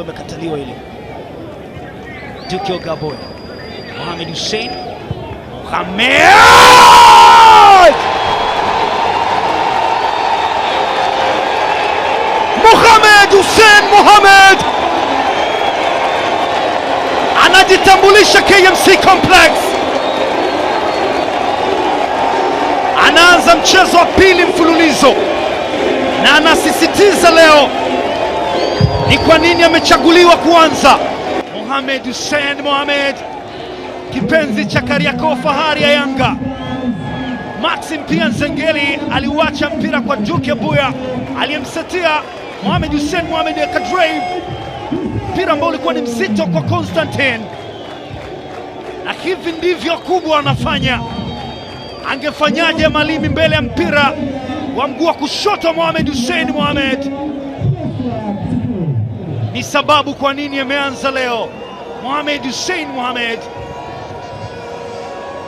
ambayo imekataliwa ile. Duke Gaboy, Mohamed Hussein, Mohamed Mohamed Hussein Mohamed anajitambulisha KMC Complex, anaanza mchezo wa pili mfululizo na anasisitiza leo ni kwa nini amechaguliwa kuanza. Mohamed Hussein Mohamed, kipenzi cha Kariakoo, fahari ya Yanga. Maxim pia Nzengeli aliuacha mpira kwa Duke Buya aliyemsetia Mohamed Hussein Mohamed akadrive mpira ambao ulikuwa ni mzito kwa Constantine, na hivi ndivyo kubwa anafanya. Angefanyaje Malimi mbele ya mpira wa mguu wa kushoto Mohamed Hussein Mohamed ni sababu kwa nini ameanza leo. Mohamed Hussein Mohamed,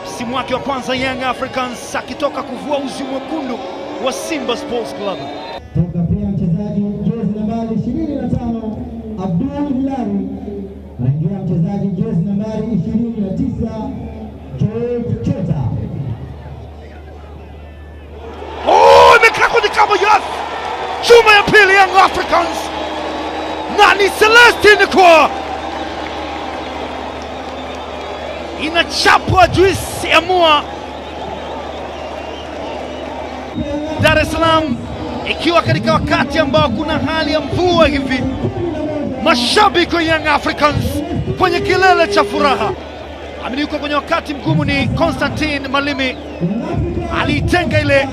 msimu wake wa kwanza Young Africans, akitoka kuvua uzi mwekundu wa Simba Sports Club. Toka pia mchezaji jezi nambari 25 Abdul Hilali, anaingia mchezaji jezi nambari 29 Joel Chota. Oh, imekaa kwenye kamba, yes! Chuma ya pili Young Africans ni Celestin kwa inachapwa juisi ya mua. Dar es Salaam ikiwa katika wakati ambao kuna hali ya mvua hivi, mashabiki wa Young Africans kwenye kilele cha furaha. Amini yuko kwenye wakati mgumu, ni Constantine Malimi aliitenga ile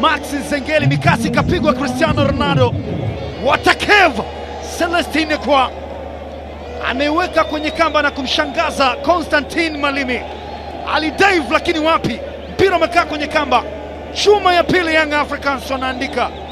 Maxi Zengeli, mikasi ikapigwa Cristiano Ronaldo, watakeva Celestine Kwa ameweka kwenye kamba na kumshangaza Konstantin Malimi. Alidive lakini wapi, mpira umekaa kwenye kamba. Chuma ya pili Young Africans wanaandika.